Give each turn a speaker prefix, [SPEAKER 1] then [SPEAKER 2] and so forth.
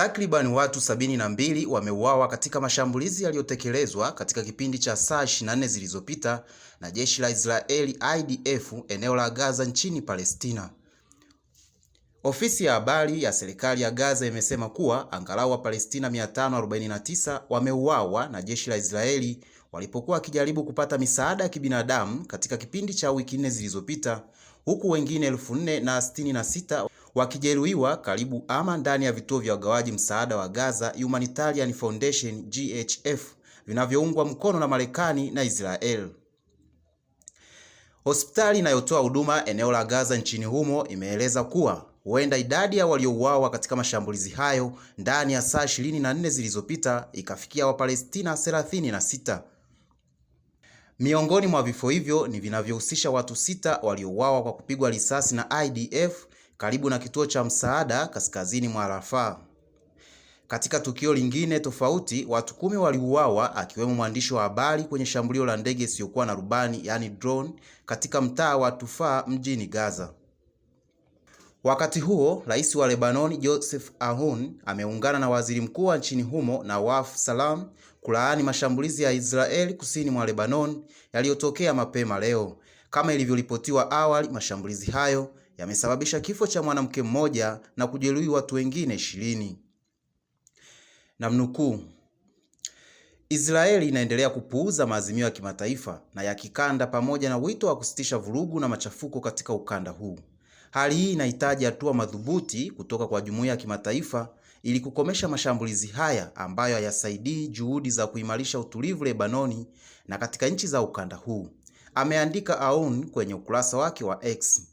[SPEAKER 1] Takriban watu sabini na mbili wameuawa katika mashambulizi yaliyotekelezwa katika kipindi cha saa 24 zilizopita na jeshi la Israeli IDF eneo la Gaza nchini Palestina. Ofisi ya habari ya serikali ya Gaza imesema kuwa angalau Wapalestina 549 wameuawa na jeshi la Israeli walipokuwa wakijaribu kupata misaada ya kibinadamu katika kipindi cha wiki nne zilizopita huku wengine na 4066 wakijeruhiwa karibu ama ndani ya vituo vya ugawaji msaada wa Gaza Humanitarian Foundation GHF vinavyoungwa mkono na Marekani na Israel. Hospitali inayotoa huduma eneo la Gaza nchini humo imeeleza kuwa huenda idadi ya waliouawa katika mashambulizi hayo ndani ya saa 24 zilizopita ikafikia Wapalestina 36. Miongoni mwa vifo hivyo ni vinavyohusisha watu sita waliouawa kwa kupigwa risasi na IDF karibu na kituo cha msaada kaskazini mwa Rafah. Katika tukio lingine tofauti, watu kumi waliuawa akiwemo mwandishi wa habari kwenye shambulio la ndege isiyokuwa na rubani yaani drone katika mtaa wa Tufaa mjini Gaza. Wakati huo, Rais wa lebanon Joseph Aoun ameungana na Waziri Mkuu wa nchini humo Nawaf Salam kulaani mashambulizi ya Israeli kusini mwa Lebanon yaliyotokea mapema leo. Kama ilivyoripotiwa awali, mashambulizi hayo yamesababisha kifo cha mwanamke mmoja na kujeruhi watu wengine ishirini. Namnukuu, Israeli inaendelea kupuuza maazimio ya kimataifa na ya kikanda pamoja na wito wa kusitisha vurugu na machafuko katika ukanda huu. Hali hii inahitaji hatua madhubuti kutoka kwa jumuiya ya kimataifa ili kukomesha mashambulizi haya ambayo hayasaidii juhudi za kuimarisha utulivu Lebanoni na katika nchi za ukanda huu, ameandika Aoun kwenye ukurasa wake wa X.